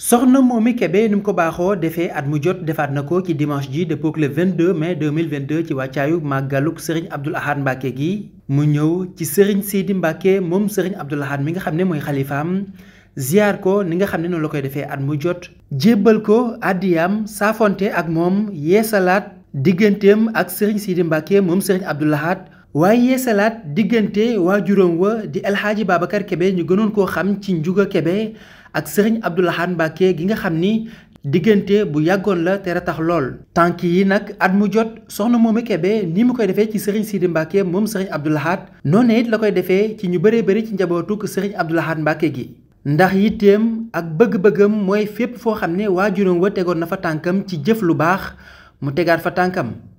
soxna Momy Kébé ni mu ko baaxoo defee at mu jot defaat na ko ci dimanche ji dëppook le 22 mai 2022 ci wàccaayu màggaluk Serigne Abdoul Ahad Mbacke gi mu ñëw ci Serigne Sidi Mbacke moom Serigne Abdoul Ahad mi nga xam ne mooy xalifaam ziar ko ni nga xam ne noonu la koy defee at mu jot jébbal ko àddiyaam saafonte ak moom yeesalaat digganteem ak Serigne Sidi Mbacke moom Serigne Abdoul Ahad waaye yeesalaat diggante waajuram wa di alxaaji Babacar Kebe ñu gënoon koo xam ci Ndiouga Kebe ak sëriñ Abdou Lahad Mbacké gi nga xam ni diggante bu yàggoon la te tax lool. tànk yi nag at mu jot soxna moomu Kebe ni mu koy defee ci sëriñ Sidi Mbacké moom sëriñ Abdou Lahad noonu it la koy defee ci ñu bëree bëri ci njabootuk sëriñ Abdou Lahad Mbacké gi. ndax yitteem ak bëgg-bëggam mooy fépp foo xam ne waajuram wa tegoon na fa tànkam ci jëf lu baax mu tegaat fa tànkam.